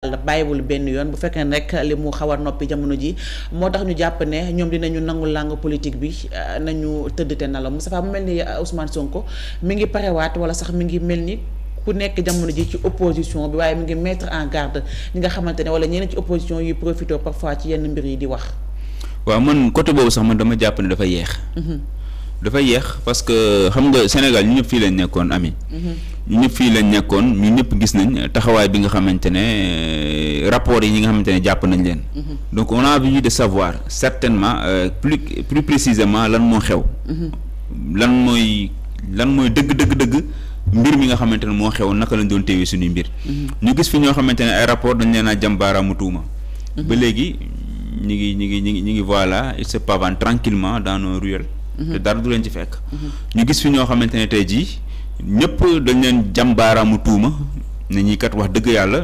la bàyyiwul benn yoon bu fekkee ne rek li mu xaw a noppi jamono ji moo tax ñu jàpp ne ñoom dinañu nangu langue politique bi euh, nañu tëdd te na mu Moustapha mu mel ni euh, Ousmane Sonko mi ngi parewaat wala sax mi ngi mel ni ku nekk jamono ji ci opposition bi waaye mi ngi mettre en garde ñi nga xamante ne wala ñeneen ci opposition yu profité parfois ci yenn mbir yi di wax. waaw man côté boobu sax man dama jàpp ne dafa yeex. Mhm. dafa yeex parce que xam nga Sénégal ñu ñëpp fii lañ nekkoon ami mhm. ñu ñëpp fii lañ nekkoon mu ñëpp gis nañ taxawaay bi nga xamante ne euh, rapport yi ñi nga xamante ne jàpp nañ leen mhm. donc on a envie de savoir certainement euh, plus plus précisément lan moo xew mhm. lan mooy lan mooy dëgg dëgg dëgg mbir mi nga xamante ne moo xew naka lañ doon téewee suñuy mbir mhm. ñu gis fi ñoo xamante ne ay rapport dañ leen a jàmbaaraamu tuuma ba léegi ñu ngi ñu ngi ñu ngi ñu ngi voilà ils se pavanent tranquillement dans nos ruelles te dara du leen ci fekk ñu gis fi ñëpp dañ leen jàmbaaraamu tuuma ne ñi kat wax dëgg yàlla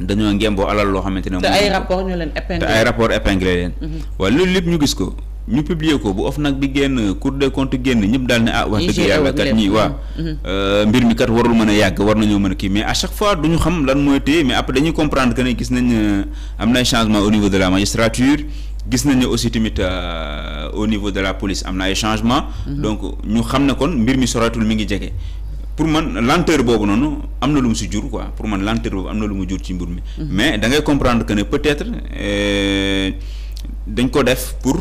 dañoo ngemboo alal loo xamante ne. te ay leen épinglé te ay rapport épinglé leen. Mhm. waaye loolu lépp ñu gis ko ñu publier ko bu of nag bi génn cour des comptes génn ñëpp daal ne ah. wax dëgg yàlla kat ñii waa. Mhm. Mhm. Euh, mbir mi kat warul mën a yàgg war nañoo mën a kii mais à chaque fois du ñu xam lan mooy téye mais après dañuy comprendre que ne gis nañ euh, am na ay changement au niveau de la magistrature. gis nañ ne aussi tamit euh, au niveau de la police am na ay changement mhm. donc ñu xam ne kon mbir mi soratul mi ngi jege. pour man lenteur boobu noonu am na lu mu si jur quoi pour man lenteur boobu am na lu mu jur ci mbur mi. Mhm. mais da ngay comprendre que ne peut-être euh, dañ ko def pour.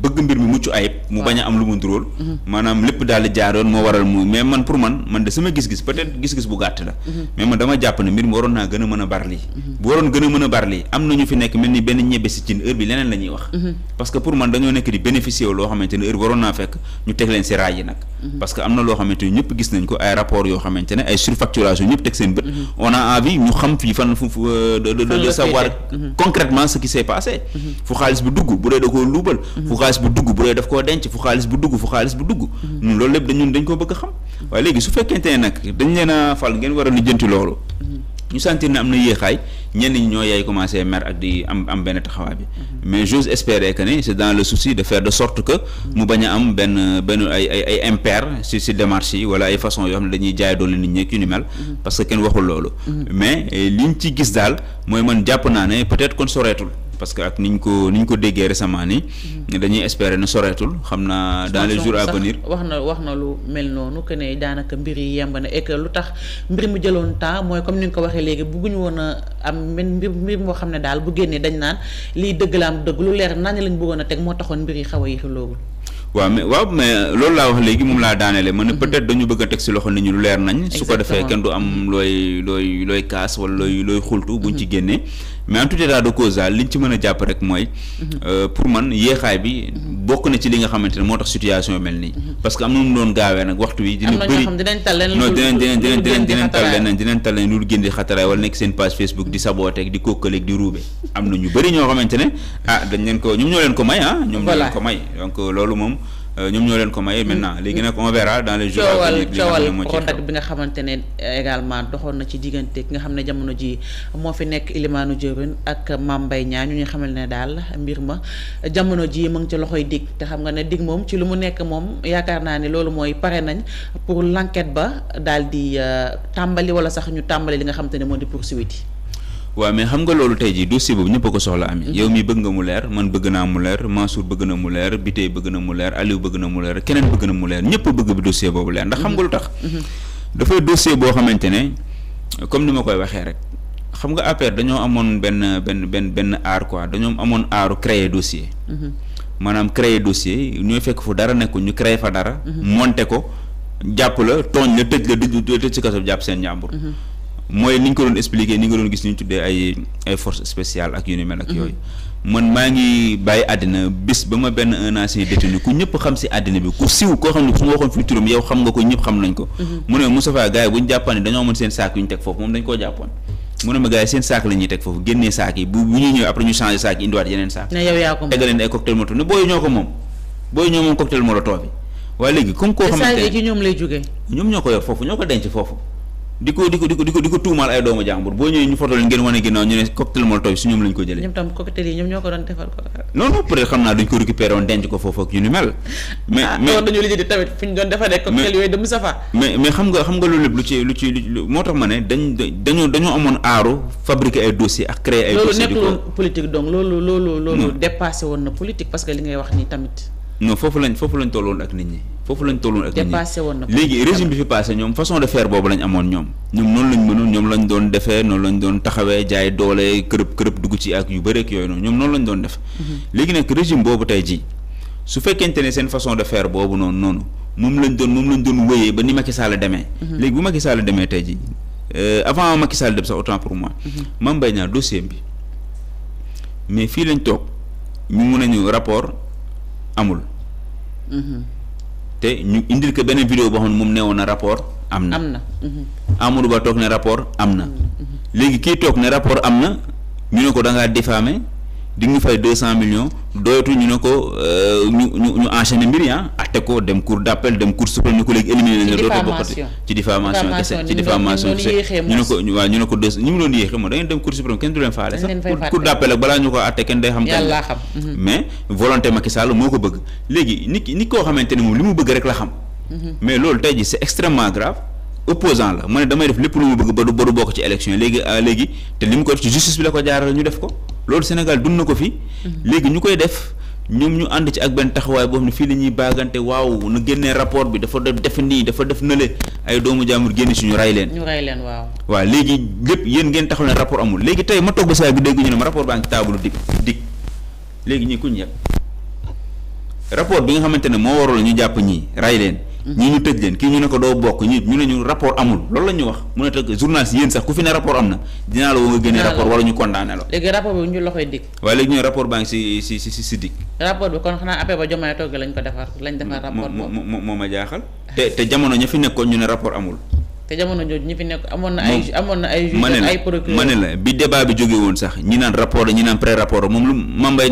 bëgg mbir mi mucc ayib mu bañ am lu mu duróol mhm. maanaam lépp daal jaar yoon moo waral mais man pour man man de sama gis-gis peut-être gis-gis bu gàtt la mhm. mais man dama jàpp ne mbir mi waroon naa gën a mën a bar mhm. bu waroon gën a mën a bar lii am nañu fi nekk mel ni benn ñebe si cin heure bi leneen la wax parce pour man dañoo nekk di bénéficier wu loo xamante ne heure bi waroon naa fekk ñu teg leen si raay nag parce am na loo xamante ne ñëpp gis nañ xaalis bu dugg bu dee daf koo denc fu xaalis bu dugg fu xaalis bu dugg mm-hmm. loolu lépp dañun dañ koo bëgg a xam waaye léegi su fekkente ne nag dañ leen a fal ngeen war a lijjanti loolu mm-hmm. ñu sentir ne am na yéexaay ñenn ñi ñoo yaay commencé mer ak di am am benn taxawaay bi mm-hmm. mais j'ose espérer que ne c'est dans le souci de faire de sorte que mu bañ a am benn benn ay ay ay impair si si démarche yi wala ay façon yoo xam ne dañuy jaay doole nit ñi ak yu ni mel parce que kenn waxul loolu mais eh, liñ ci gis daal mooy man jàpp naa ne peut-être kon soreetul parce que ak ni ñu ko ni ñu ko déggee récemment ni mm-hmm. dañuy espérer ne soreetul xam naa dans les jours à venir wax na wax na lu mel noonu que ne daanaka mbir yi yemb na et lu tax mbir mu jëloon temps mooy comme ni nga ko waxee léegi bugguñu woon a am men mbir mbir moo xam ne daal bu génnee dañ naan lii dëgg la am dëgg lu leer naa ne lañ bëggoon a teg moo taxoon mbir yi xaw a yéexi loolu waaw mais waaw mais loolu laa wax léegi moom laa daaneele ma ne mm-hmm. peut dañu bëgg a teg si loxo nit ñi nañ su ko defee kenn du am looy looy looy kaas wala looy looy xultu ci mm-hmm. génnee mais en tout état de cause daal li ñu ci mën a jàpp rek mooy. Mhm. Euh, pour man yéexaay bi. Mhm. bokk na ci li nga xamante ne moo tax situation mel nii. Mhm. parce que am na mu doon gaawee nag waxtu wi. dina bëri am na dinañ tal leen. non dinañ dinañ dinañ dinañ tal leen dinañ tal leen lu génn di xataraay wala nekk seen page Facebook di sabooteeg di kokkaleeg di ruube am na ñu bëri ñoo xamante ne ah dañ leen ko ñoom ñoo leen ko may ah. ñoom ñoo leen ko may donc loolu moom. Euh, ñoom ñoo leen ko maye maintenant mm. léegi nag on verra dans les jours à venir coowal contact bi nga xamante ne également doxoon na ci diggante ki nga xam ne jamono ji moo fi nekk Ilimaanu Jëwrin ak Mame Mbaye Niang ñu ñu xamal ne daal mbir ma jamono ji mu ngi ci loxoy dig te xam nga ne dig moom ci lu mu nekk moom yaakaar naa ne loolu mooy pare nañ pour l'enquête ba daal di euh, tàmbali wala sax ñu tàmbali li nga xamante ne moo di poursuite yi waaw mais xam nga loolu tey ji dossier boobu ñëpp ko soxla am mm-hmm. yow mi bëgg nga mu leer man bëgg naa mu leer Mansour bëgg na mu leer Biteye bëgg na mu leer Aliou bëgg na mu leer keneen bëgg na mu leer ñëpp bëgg bi dossier boobu leer ndax xam nga lu tax mm-hmm. mm-hmm. dafay dossier boo xamante ne comme ni ma koy waxee rek xam nga APR dañoo amoon benn benn benn benn aar quoi dañoo amoon aaru créer dossier maanaam créer dossier ñooy fekk fu dara nekkul ñu créer fa dara monter ko jàpp la tooñ la tëj la tëj ci kaso jàpp seen njàmbur mooy ni ñu ko doon expliquer ni nga doon gis ñu tuddee ay ay forces ak yu ak mhm. yooyu. man maa ngi bàyyi àddina bis ba ma benn un ancien détenu ku ñëpp xam si àddina bi ku siw koo xam ne nga ko ñëpp xam nañ ko. Mhm. mu ne Moustapha gars yi bu ñu jàppoon ne dañoo amoon seen saak yu ñu teg foofu moom ñoo ko moom. ñoo ko yor foofu ñoo ko denc foofu di ko di ko di ko di ko di ko tuumaal ay doomu jàmbur boo ñëwee ñu fotol lañ ko woon ah, de Moustapha. mais mais xam nga xam lu ci lu ci lu moo tax ma ne dañ dañoo dañoo amoon aaru fabriquer ay dossiers ak créer ay. dossiers li ngay wax nii tamit. non foofu lañ foofu lañ tolloon ak nit ñi foofu lañ tolloon ak ñun léegi régime bi fi passé ñoom façon de faire boobu lañ amoon ñoom ñoom noonu lañ mënoon ñoom lañ doon defee noonu lañ doon taxawee jaay doole kërëb kërëb dugg ci ak yu bëri ak yooyu noonu ñoom noonu lañ doon def mhm. léegi nag régime boobu tey ji su fekkente ne seen façon de faire boobu noonu noonu moom lañ doon moom lañ doon wéyee ba ni Macky saala demee mhm. léegi bu Macky Sall demee tey ji euh, avant Macky Sall dem sax autant pour moi mhm. Mame Mbaye Niang dossier bi mais fii lañ toog ñu mun nañu rapport amul te ñu indil ko beneen vidéo boo xam ne moom neewoon na rapport am na. am mhm. Ba toog ne rapport am na. Mhm. léegi kii toog ne rapport am na ñu ne ko da ngaa diffamé di ñu fay deux cent millions doyatu ñu ne ko euh, ñu ñu ñu enchaîner mbir yi ah, atte ko dem cour d'appel dem cour suprême ñu ko léegi éliminer leen dootoo bokkati ci diffamation kese ci diffamation kese ñu ne ko waaw ñu ne ko deux ñu ngi doon yéexee moom da ngeen dem cour suprême kenn du leen faale sax cour d'appel ak balaa ñu ko atte kenn day xam kan mhm. mais volonté Macky Sall moo ko bëgg léegi nit nit koo xamante ne moom li mu bëgg rek la xam mhm. mais loolu tey ji c'est extrêmement grave opposant la ma ne damay def lépp lu mu bëgg ba du ba du bokk ci élection léegi euh, léegi te li mu ko def ci justice bi la ko jaaral ñu def ko loolu Sénégal dund na ko fi. Mhm. léegi ñu koy def ñoom ñu ànd ci ak benn taxawaay boo xam ne fii la ñuy baagante waaw na génnee rapport bi dafa def nii dafa def nële ay doomu jaamur génn si ñu ray leen. ñu ray leen waaw. waaw léegi lépp yéen ngeen taxaw leen rapport amul léegi tey ma togg saa bi dégg ñu ne ma rapport baa ngi taabalu dig dig léegi ñii ku ñu rapport bi nga xamante ne moo waral ñu jàpp ñii ray leen. ñii ñu tëj leen kii ñu ne ko doo bokk ñi ñu ne ñu rapport amul loolu la ñu wax mu ne te journaliste yéen sax ku fi ne rapport am na dinaa la woo nga génnee rapport wala ñu condamné la. léegi léegi rapport bi kon xanaa après ba Diomaye togg lañ ko defar lañ defar rapport boobu moo ma jaaxal. te te jamono ña fi nekkoon ñu ne rapport amul. te jamono jooju ñi fi nekk amoon na ay amoon ma ne la bi débat bi jóge woon sax ñi naan rapport ñi naan pré rapport moom lu Mame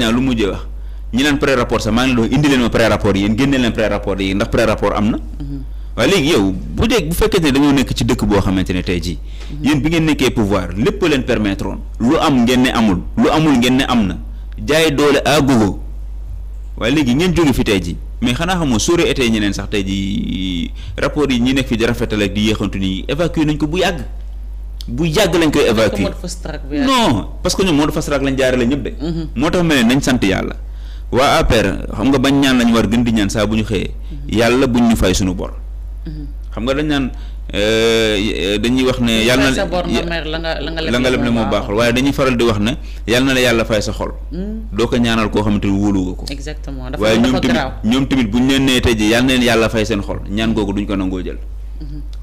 ñi leen pré rapport sax maa ngi leen doon indi leen ma pré rapport yi yéen génne leen pré rapport yi ndax pré rapport am na. Mhm. waaye léegi yow bu dee bu fekkee ne dañoo nekk ci dëkk boo xamante ne tey jii. Mhm. yéen bi ngeen nekkee pouvoir lépp leen permettre woon lu am ngeen ne amul lu amul ngeen ne am na jaay doole à gogo waaye léegi ngeen jóge fi tey jii mais xanaa xamoo sóore été ñeneen sax tey jii rapport yi ñi nekk fi di rafetal ak di yéexantu nii évacuer nañ ko bu yàgg. bu yàgg lañ koy jaarale ñëpp de. Mhm. moo tax ma nañ sant yàlla. waa APR xam nga bañ ñaan lañu war gën di ñaan saa bu ñu xëyee mhm. yàlla bu ñu fay suñu bor mhm. xam nga dañ naan euh, dañuy wax ne yàlla na la nga leb ne moo baaxul waaye dañuy faral di wax ne yàlla na la yàlla fay sa xol mhm. doo koo xamante ni wóolu nga ko exactement dafa waaye ñoom tamit ñoom tamit leen nee tey ji yàlla na leen fay seen xol ñaan googu duñ ko nangoo jël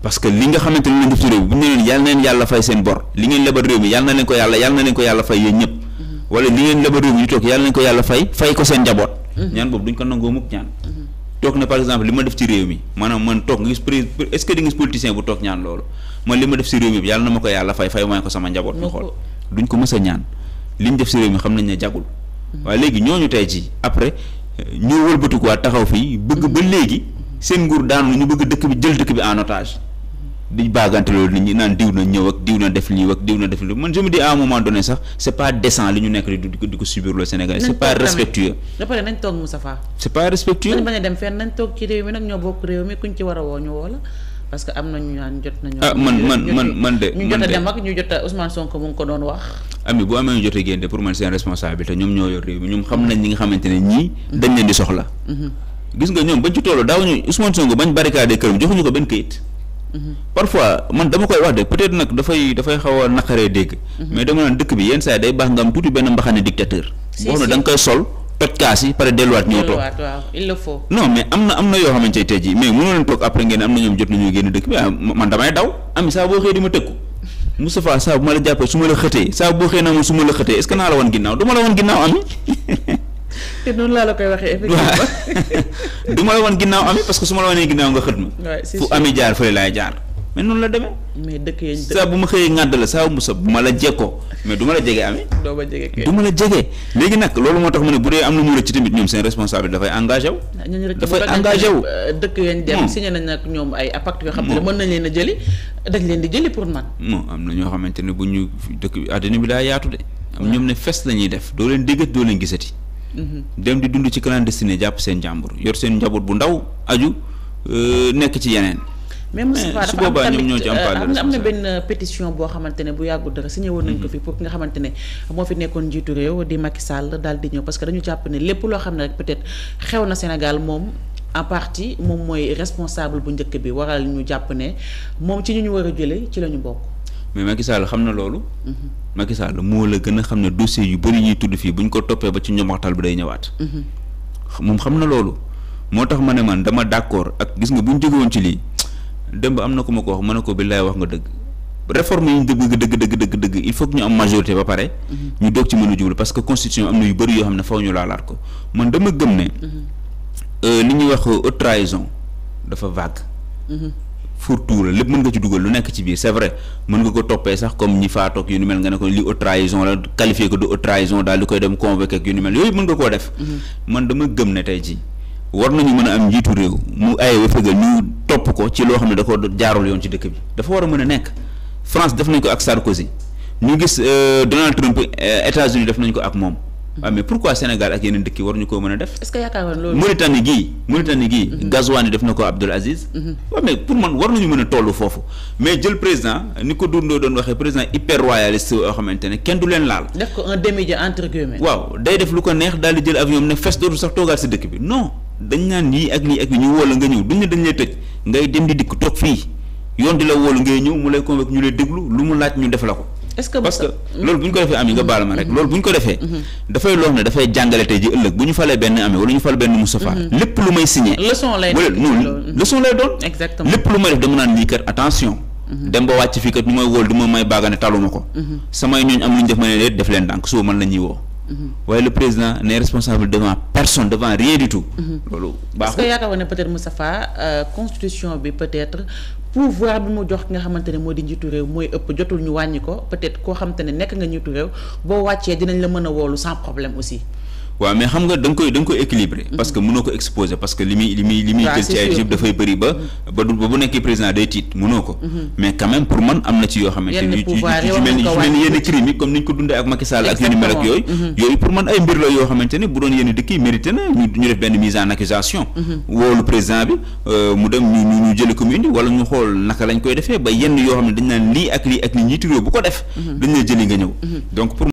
parce que li nga xamante ni leen def ci réew bi buñ ne leen yàlla fay seen bor li ngeen lebal réew mi yàlla na leen ko yàlla yàlla na fay yéen ñëpp wala li ngeen lebal réew mi ñu toog yàlla nañ ko yàlla fay fay ko seen njaboot. Mhm. ñaan boobu duñ ko nangoo mukk ñaan. Mhm. toog na par exemple li ma def ci réew mi maanaam man toog nga gis pré est-ce que di nga gis politicien bu toog ñaan loolu man li ma def ci réew mi yàlla na ma ko yàlla fay fay ma ko sama njaboot. ñu xool duñ ko mës a ñaan li ñu def ci réew mi xam nañ ne jagul. Mhm. waaye léegi ñooñu tey ji après ñoo wëlbatikuwaat taxaw fii bëgg ba léegi seen nguur daanu ñu bëgg dëkk bi jël dëkk bi en otage di baagante loolu nit ñi naan diw na ñëw ak diw na def lii ak diw na def lii man je me dis à un moment donné sax c' pas décent li ñu nekk di ko di ko subir le Sénégal. c' est pas respectueux. ba pare nañ toog Moustapha. c' est pas respectueux. a dem fenn a woo ñu la ah, man man a dem ak ñu jot a Ousmane ko doon wax. ami bu amee ñu jot a génn pour man seen responsabilité ñoom ñoo yor réew mi ñoom xam nañ ñi nga xamante ne ñii. dañ di soxla. Mhm. gis nga ñoom bañ ci toll daaw ñu Ousmane Sonko bañ barricade parfois man dama koy wax de peut-être nag dafay dafay xaw a naqaree dégg. Mhm. mais dama naan dëkk bi yenn saa yi day baax nga am tuuti benn mbaxane dictateur. si boo xam ne da mais am na am na yoo xamante ne tey jii mais mënoo leen toog après ngeen am na ñoom jot nañoo génn dëkk bi ah, man damay daw am saa boo xëyee di ma tëkku Moustapha saa bu ma la jàppee su ma la xëtee saa boo xëyee naa ma su ma la xëtee est que naa la wan ginnaaw du la wan ginnaaw am te noonu laa la koy waxee effectivement. woon ginnaaw ami parce que su ma la wanee ginnaaw nga xët ma. fu ami jaar fële laay jaar. mais noonu la demee. saa bu ma xëyee ngàdd la saa bu ma la jekkoo mais du la jege ami. doo ma jege kay léegi nag loolu moo tax ma ne bu dee am na mu rëcc tamit ñoom seen responsable dafay engagé wu. dafay engagé wu euh, dëkk yañ hmm. ñoom ay pacte yoo xam ne hmm. mën nañ leen a jëli dañ leen di jëli pour man. Hmm, am na ñoo xamante ne bu ñu dëkk bi àddina bi daa yaatu de. am ñoom ne fes la ñuy def doo leen déggat doo leen gisati dem di dund ci clandestiné jàpp seen jàmbur yor seen njaboot bu ndaw aju euh, nekk ci yeneen. mais su boobaa ñoom ñoo am euh, part na benn pétition boo xamante ne bu yàggul dara signé woon nañ ko fi pour ki nga xamante ne moo fi nekkoon njiitu réew di Macky Sall daal di ñëw parce que dañu jàpp ne lépp loo xam ne rek peut-être xew na Sénégal moom. en partie moom mooy responsable bu njëkk bi waral ñu jàpp ne moom ci ñu ñu war a jëlee ci la ñu bokk. mais Macky Sall xam na loolu. Mhm. Macky Sall moo la gën a xam ne dossier yu bëri ñuy tudd fii bu ñu ko toppee ba ci ñoom waxtaan bi day ñëwaat. Mhm. moom xam na loolu. moo tax ma ne man dama d'accord ak gis nga bu ñu ci lii dem am na ko ma ko wax ma ne ko billaay wax nga dëgg réforme yi ñu dëgg dëgg dëgg dëgg il faut ñu am majorité ba pare. Mhm. ñu doog ci mënu a jublu parce que constitution am na yu bëri yoo xam ne faw ñu laalaat ko man dama gëm ne. Euh, li ñuy wax haute trahison dafa vague. fourre-tout la lépp mën nga ci dugal lu nekk ci biir c'est vrai mën nga ko toppee sax comme ñi faatoo yu ni mel nga ne ko li haute trahison la qualifié ko de haute trahison daal di koy dem convoqué ak yu ni mel yooyu mën nga koo def mhm. man dama gëm ne tey ji war nañu mën a am njiitu réew mu aye wa fégal ñu topp ko ci loo xam ne da ko jaarul yoon ci dëkk bi dafa war a mën a nekk France def nañ ko ak Sarkozy ñu gis euh, Donald Trump euh, États-Unis def nañ ko ak moom waaw ah, mais pourquoi Sénégal ak yeneen dëkk yi waruñu koo mën a def. est-ce que gii Mauritanie gii. Mm-hmm. def na ko Abdoul Aziz. Mm-hmm. waaw mais pour man war nañu mën a toll foofu mais jël président ni ko dundoo doon waxee président hyper royaliste yoo xamante ne kenn du leen laal. def ko un demi-dieu entre waaw day def lu ko neex daal di jël avion ne fes dootul sax toogaat si dëkk bi non dañ naan lii ak lii ak lii ñu woo la nga ñëw duñ ne dañ lay tëj ngay dem di dikk toog fii yoon di la wóolu ngay ñëw mu lay convoqué ñu lay déglu lu mu laaj la ko est-ce que parce que loolu bu ñu ko defee am yi nga baal ma rek mm-hmm. loolu bu ñu ko defee mm-hmm. dafay loo xam ne dafay jàngale tey ji ëllëg bu ñu falee benn ami wala ñu fal benn Moustapha mm-hmm. lépp lu may signé leçon lay doon leçon lay doon lépp lu may def dama naan lii kat attention dem ba wàcc fii kat ñu may wóol du ma may baagane taluma ko samay ñooñ am lu def ma ne def leen dànk suba man la ñuy woo Mhm. waaye le président n'est responsable devant personne devant rien du tout. Mhm. loolu baaxul est-ce que yaakaaroon ne peut-être Moustapha euh, constitution bi peut-être pouvoir bi mu jox ki nga xamante ne moo di njiitu réew mooy ëpp jotul ñu wàññi ko peut-être koo xamante ne nekk nga njiitu réew boo wàccee dinañ la mën a woolu sans problème aussi. waaw ouais, mais xam nga da koy da nga koy équilibré. Mhm. parce que mënoo ko exposé parce que li muy li muy li muy jël ci ay dafay bëri ba ba du ba bu nekkee président day tiit mënoo ko. Mhm. mais quand pour man am na ci yoo xamante ni. yenn pouvoir mel ni yenn crime comme ni ñu ko dundee ak Macky ak yu ni yooyu. Mhm. yooyu pour man ay mbir yoo xamante ni bu doon yenn dëkk yi mérité na ñu def benn mise en accusation. Mhm. woolu président bi euh, mu dem ñu ñu ñu jëlee commune wala ñu xool naka lañ koy defee ba yenn yoo xam ne dañ naan lii ak lii ak lii njiitu réew bu ko def. dañ lay jëli nga ñëw. donc pour